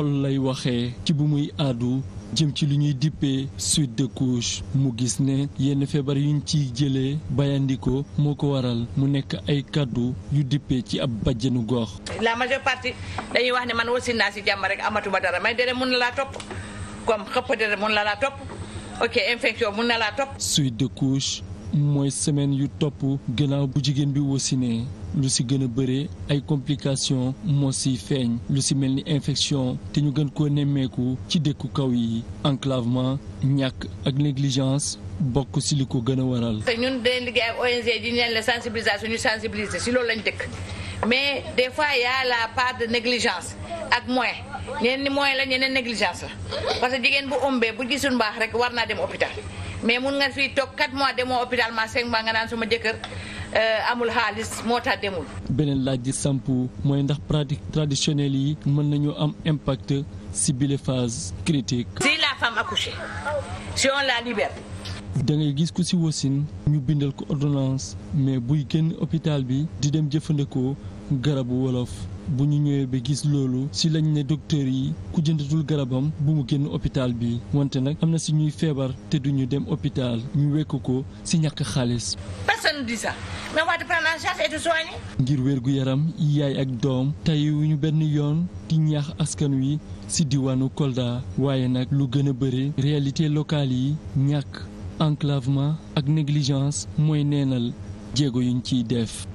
xol lay waxee ci bu muy àddu jëm ci lu ñuy dippee suite de couche mu gis ne yenn feebar yuñ ciy jëlee bayandiko moo ko waral mu nekk ay kàddu yu dippe ci ab bàjjenu gox. laa majeure parti dañuy wax ne man wasin naa si jàmm rek amatuma dara may dere mun na laa topp comme xëpp dere mun na laa topp ok infection mun na laa topp. suite de couche. mooy semaine yu topp gannaaw bu jigéen bi wasinee lu si gën a bëre ay complications moo siy feeñ lu si mel ni infection te ñu gën koo nemmeeku ci dëkku kaw yi enclavement ñàkk ak négligence bokk si li ko gën a waral. te ñun dañuy liggéey ak ONG di ñaan la sensibilisation ñu sensibiliser si loolu lañ dëkk mais des fois y la part de négligence ak moyen ñeneen ni moyen la ñeneen négligence la parce que jigéen bu ëmbee bu gisul mbaax rek war naa dem hôpital. mais mun nga fi toog 4 mois demoo hôpital ma 5 mois nga naan suma jëkkër euh, amul xaalis moo tax demul. beneen laaj di sampu mooy ndax pratique traditionnelle yi mën nañu am impact si bile phase critique. si la femme accouchée si on la libère. da ngay gis ko si wasin ñu bindal ko ordonnance mais buy génn hôpital bi di dem jëfandikoo. garabu wolof bu ñu ñëwee ba gis loolu si lañ ne docteur yi ku jëndatul garabam bu mu génn hôpital bi wante nag am na si ñuy feebar te duñu dem hôpital ñu wekk ko si ñàkk xaalis. personne dit ça ngir wérgu yaram yaay ak doom tayyiwuñu benn yoon di ñaax askan wi si diwaanu Kolda waaye nag lu gën a bëri réalité locale yi ñàkk enclavement ak négligence mooy neenal jéego yuñ ciy def.